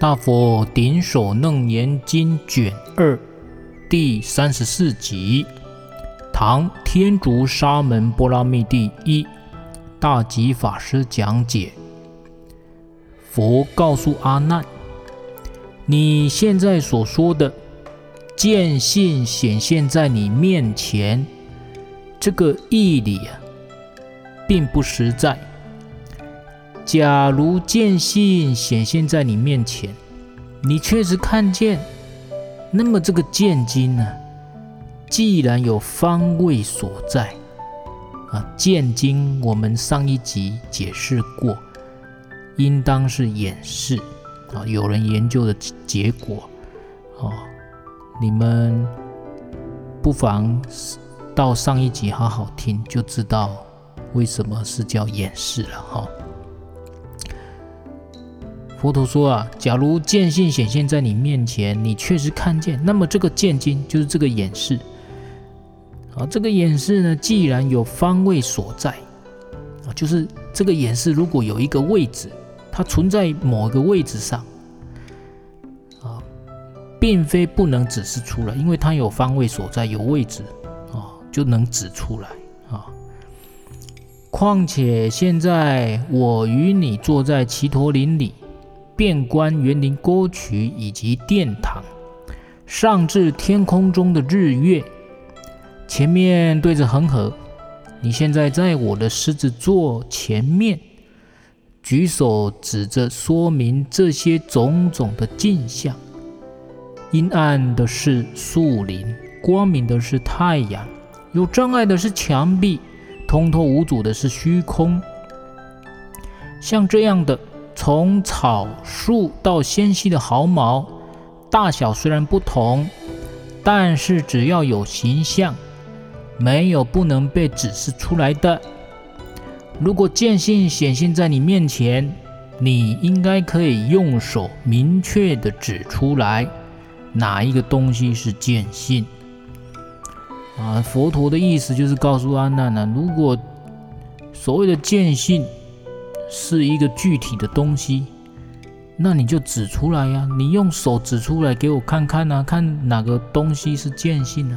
大佛頂首楞嚴經卷二，第三十四集，唐天竺沙門波羅蜜第一大寂法師講解。佛告訴阿難：“你現在所說的見性顯現在你面前，這個義理啊，並不實在。”假如見性顯現在你面前，你確實看見，那麼這個見精呢，啊，既然有方位所在，啊，見精我們上一集解釋過，應當是眼識，啊，有人研究的結果，啊，你們不妨到上一集好好聽，就知道為什麼是叫眼識了，哈，啊。佛陀說：“啊，假如見性顯現在你面前，你確實看見，那麼這個見精就是這個眼識。啊，這個眼識呢，既然有方位所在，啊，就是這個眼識如果有一個位置，它存在某個位置上，啊，並非不能指示出來，因為它有方位所在，有位置，啊，就能指出來。啊，況且現在我與你坐在祇陀林裡。”遍觀園林、歌曲以及殿堂，上至天空中的日月，前面對着恆河。你現在在我的獅子座前面，舉手指着，說明這些種種的景象陰暗的是樹林，光明的是太陽，有障礙的是牆壁，通透無阻的是虛空。像這樣的。從草樹到纖細的毫毛，大小雖然不同，但是只要有形象，沒有不能被指示出來的。如果見性顯現在你面前，你應該可以用手明確地指出來哪一個東西是見性。啊，佛陀的意思就是告訴阿難呢，如果所謂的見性。是一個具體的東西，那你就指出來呀、啊！你用手指出來給我看看吶、啊，看哪個東西是見性呢、啊？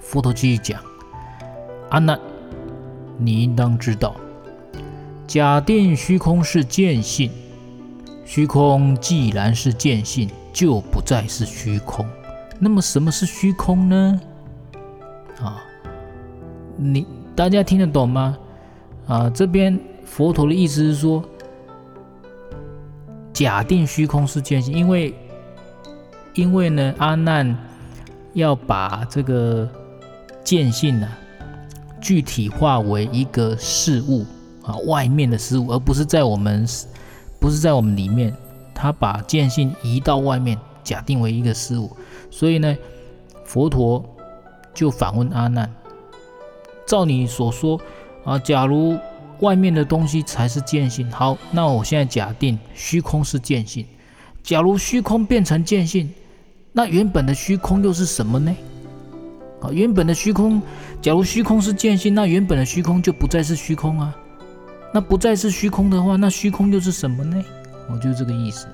佛陀繼續講：“阿難，你應當知道，假定虛空是見性，虛空既然是見性，就不再是虛空。那麼，什麼是虛空呢？啊，你大家聽得懂嗎？啊，這邊。”佛陀的意思是說，假定虛空是見性，因為，因為呢，阿難要把這個見性啊具體化為一個事物啊，外面的事物，而不是在我們，不是在我們裡面，他把見性移到外面，假定為一個事物，所以呢，佛陀就反問阿難，照你所說啊，假如外面的東西才是見性。好，那我現在假定虛空是見性。假如虛空變成見性，那原本的虛空又是什麼呢？啊，原本的虛空，假如虛空是見性，那原本的虛空就不再是虛空啊。那不再是虛空的話，那虛空又是什麼呢？我就這個意思。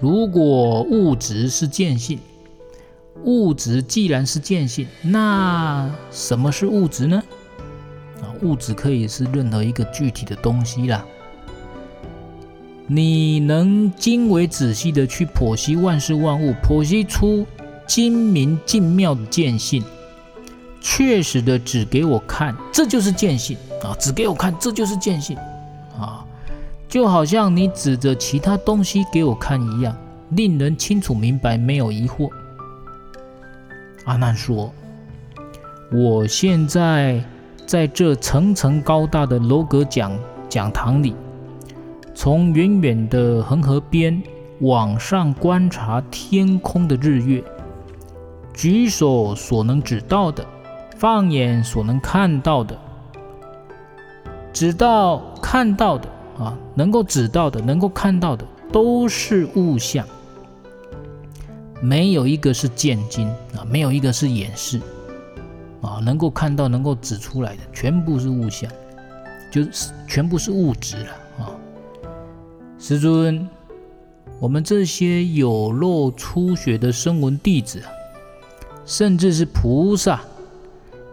如果物質是見性，物質既然是見性，那什麼是物質呢？物質可以是任何一個具體的東西啦。你能精微仔細的去剖析萬事萬物，剖析出精明精妙的見性，確實的指給我看，這就是見性啊！指給我看，這就是見性啊！就好像你指着其他東西給我看一樣，令人清楚明白，沒有疑惑。阿難說：“我現在。”在這層層高大的樓閣講講堂裡，從遠遠的恆河邊往上觀察天空的日月，舉手所能指到的，放眼所能看到的，指到看到的啊，能夠指到的，能夠看到的，都是物象，沒有一個是見精啊，沒有一個是眼識。啊，能夠看到、能夠指出來的，全部是物象，就是全部是物質了啊！世尊，我們這些有漏初學的聲聞弟子啊，甚至是菩薩，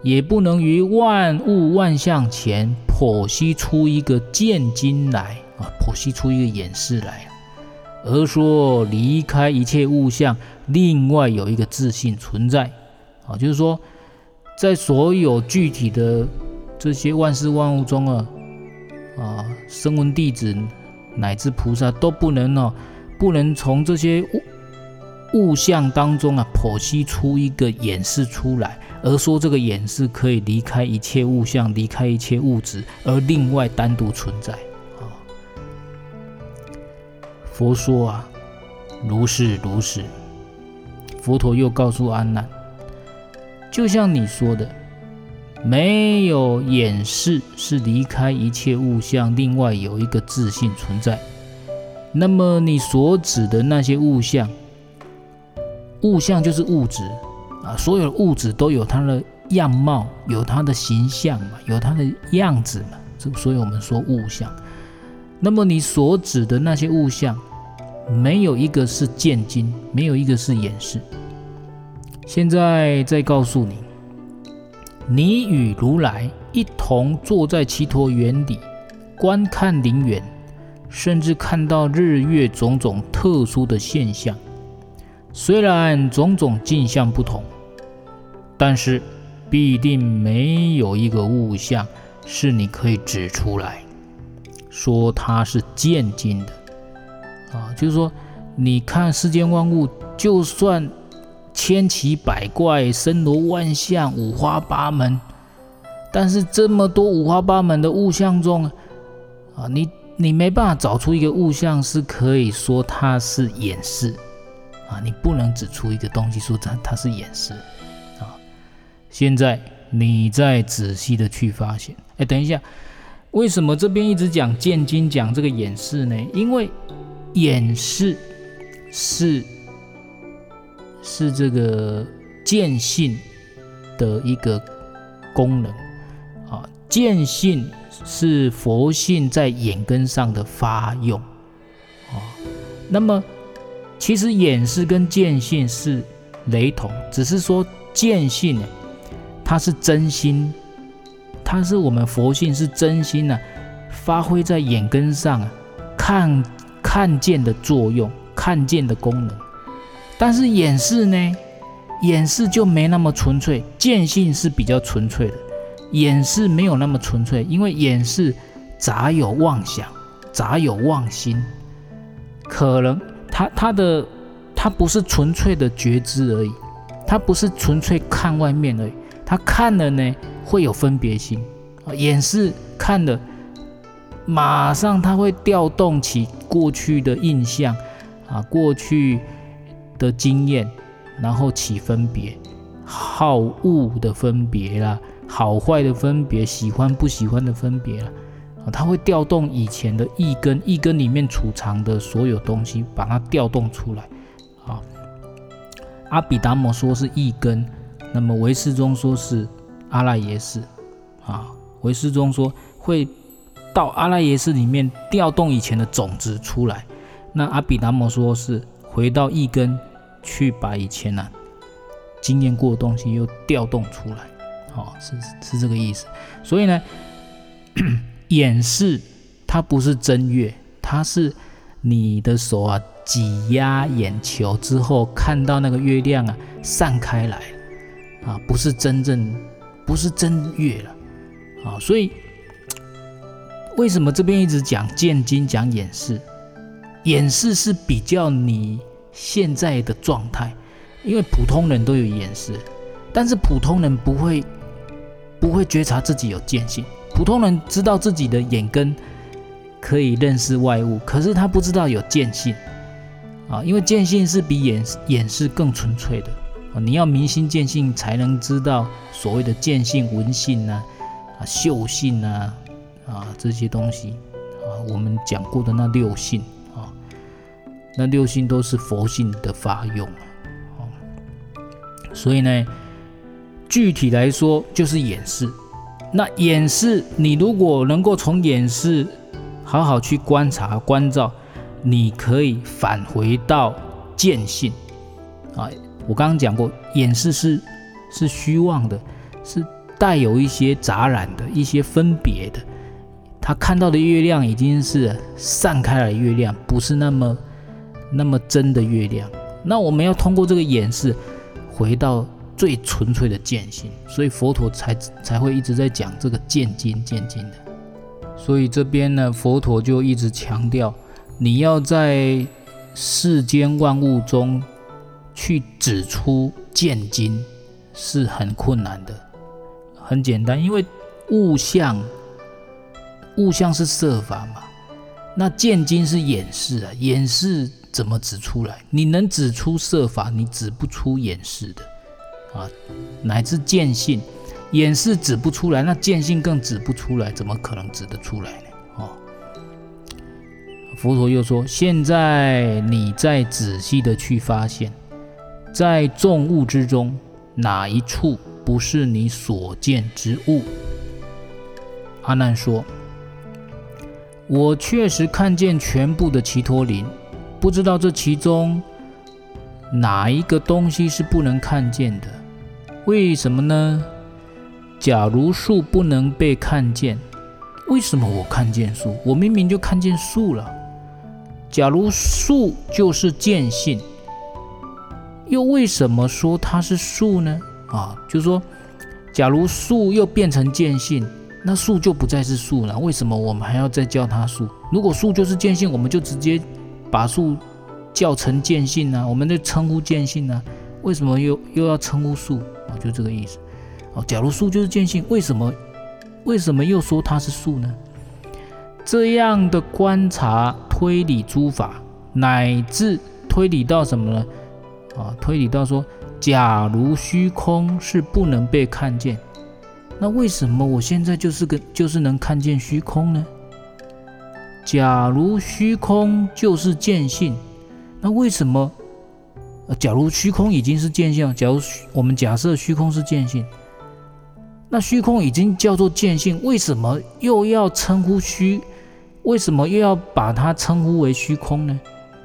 也不能於萬物萬象前剖析出一個見精來啊，剖析出一個眼識來，而說離開一切物象，另外有一個自性存在啊，就是說。在所有具體的這些萬事萬物中啊，啊，聲聞弟子乃至菩薩都不能哦、啊，不能從這些物物象當中啊剖析出一個演示出來，而說這個演示可以離開一切物象，離開一切物質，而另外單獨存在、啊。佛說啊，如是如是。佛陀又告訴阿難。就像你說的，沒有掩飾，是離開一切物象，另外有一個自信存在。那麼你所指的那些物象，物象就是物質啊，所有物質都有它的樣貌，有它的形象嘛，有它的樣子嘛，這所以我們說物象。那麼你所指的那些物象，沒有一個是見金，沒有一個是掩飾。現在再告訴你，你與如來一同坐在祇陀園裡，觀看靈園，甚至看到日月種種特殊的現象。雖然種種景象不同，但是必定沒有一個物象是你可以指出來，說它是見精的。啊，就是說，你看世間萬物，就算。千奇百怪，森羅萬象，五花八門。但是這麼多五花八門的物象中，啊，你你沒辦法找出一個物象是可以說它是眼識。啊，你不能指出一個東西說它它是眼識，啊，現在你再仔細的去發現，哎，等一下，為什麼這邊一直講見精、講這個眼識呢？因為眼識是。是這個見性的一個功能啊，見性是佛性在眼根上的發用啊。那麼，其實眼識跟見性是雷同，只是說見性，它是真心，它是我們佛性是真心呢，啊，發揮在眼根上啊，看看見的作用，看見的功能。但是眼識呢？眼識就沒那麼純粹，見性是比較純粹的。眼識沒有那麼純粹，因為眼識雜有妄想，雜有妄心，可能他他的他不是純粹的覺知而已，他不是純粹看外面而已，他看了呢會有分別心。眼識看了，馬上他會調動起過去的印象啊，過去。的經驗，然後起分別，好惡的分別啦，好壞的分別，喜歡不喜歡的分別啊，他會調動以前的意根，意根裡面儲藏的所有東西，把它調動出來，啊，阿比達摩說是意根，那麼唯識宗說是阿賴耶識，啊，唯識宗說會到阿賴耶識裡面調動以前的種子出來，那阿比達摩說是。回到一根，去把以前吶、啊，經驗過的東西又調動出來，哦，是是這個意思。所以呢，眼識，它不是真月，它是你的手啊擠壓眼球之後看到那個月亮啊散開來，啊，不是真正不是真月了，啊，所以為什麼這邊一直講見精、講眼識？眼識是比較你現在的狀態，因為普通人都有眼識，但是普通人不會不會覺察自己有見性。普通人知道自己的眼根可以認識外物，可是他不知道有見性啊，因為見性是比眼識眼識更純粹的，你要明心見性，才能知道所謂的見性、聞性呢啊、嗅性呢啊，啊這些東西啊，我們講過的那六性。那六性都是佛性的發用，所以呢，具體來說就是演示。那演示，你如果能夠從演示好好去觀察、觀照，你可以返回到見性啊。我剛剛講過，演示是是虛妄的，是帶有一些雜染的、一些分別的。他看到的月亮已經是散開了，月亮不是那麼。那麼真的月亮，那我們要通過這個演示，回到最純粹的見性。所以佛陀才才會一直在講這個見精、見精的。所以這邊呢，佛陀就一直強調，你要在世間萬物中去指出見精，是很困難的。很簡單，因為物象物象，是色法嘛，那見精是演示啊，演示。怎麼指出來？你能指出色法，你指不出眼識的啊，乃至見性，眼識指不出來，那見性更指不出來，怎麼可能指得出來呢？哦，佛陀又說：現在你再仔細的去發現，在眾物之中，哪一處不是你所見之物？阿難說：我確實看見全部的祇陀林。不知道這其中哪一個東西是不能看見的？為什麼呢？假如樹不能被看見，為什麼我看見樹？我明明就看見樹了。假如樹就是見性，又為什麼說它是樹呢？啊，就是說，假如樹又變成見性，那樹就不再是樹了。為什麼我們還要再叫它樹？如果樹就是見性，我們就直接。把樹叫成見性呢、啊？我們就稱呼見性呢、啊？為什麼又又要稱呼樹？就這個意思。哦，假如樹就是見性，為什麼？為什麼又說它是樹呢？這樣的觀察推理諸法，乃至推理到什麼呢？啊，推理到說，假如虛空是不能被看見，那為什麼我現在就是個，就是能看見虛空呢？假如虛空就是見性，那為什麼？呃，假如虛空已經是見性了，假如我們假設虛空是見性，那虛空已經叫做見性，為什麼又要稱呼虛？為什麼又要把它稱呼為虛空呢？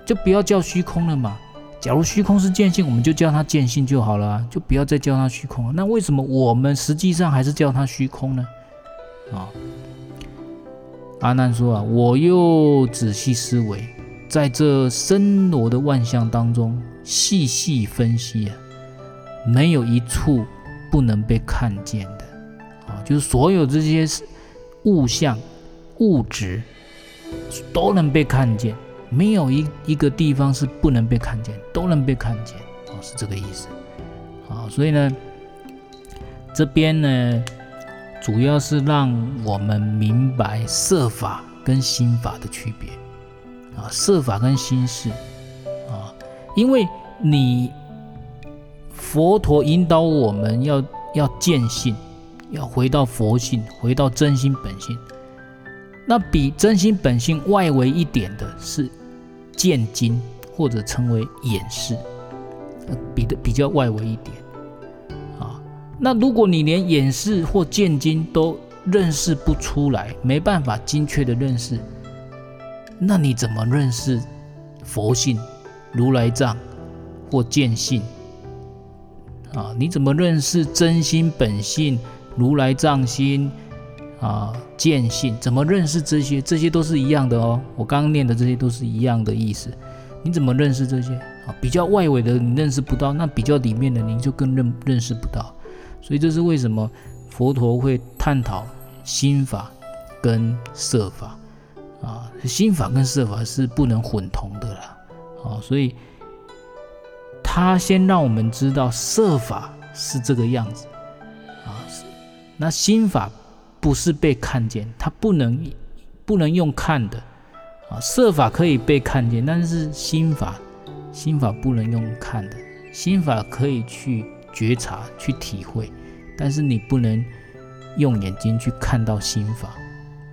就不要叫虛空了嘛。假如虛空是見性，我們就叫它見性就好了、啊，就不要再叫它虛空了。那為什麼我們實際上還是叫它虛空呢？啊、哦？阿難說啊，我又仔細思維，在這森羅的萬象當中，細細分析啊，沒有一處不能被看見的啊，就是所有這些物象、物質都能被看見，沒有一一個地方是不能被看見，都能被看見啊，是這個意思啊。所以呢，這邊呢。主要是讓我們明白色法跟心法的區別啊，色法跟心事啊，因為你佛陀引導我們要要見性，要回到佛性，回到真心本性。那比真心本性外圍一點的是見精，或者稱為眼識，比的比較外圍一點。那如果你連眼識或見精都認識不出來，沒辦法精確的認識，那你怎麼認識佛性、如來藏或見性啊？你怎麼認識真心本性、如來藏心啊？見性怎麼認識這些？這些都是一樣的哦。我剛剛念的這些都是一樣的意思，你怎麼認識這些啊？比較外圍的你認識不到，那比較裡面的你就更認認識不到。所以這是為什麼佛陀會探討心法跟色法啊？心法跟色法是不能混同的啦，啊，所以他先讓我們知道色法是這個樣子啊，那心法不是被看見，它不能，不能用看的啊，色法可以被看見，但是心法，心法不能用看的，心法可以去。覺察去體會，但是你不能用眼睛去看到心法，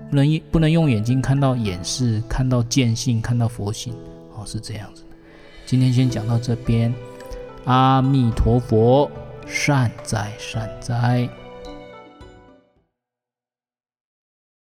不能不能用眼睛看到眼識，看到見性，看到佛性，哦，是這樣子的。今天先講到這邊，阿彌陀佛，善哉善哉。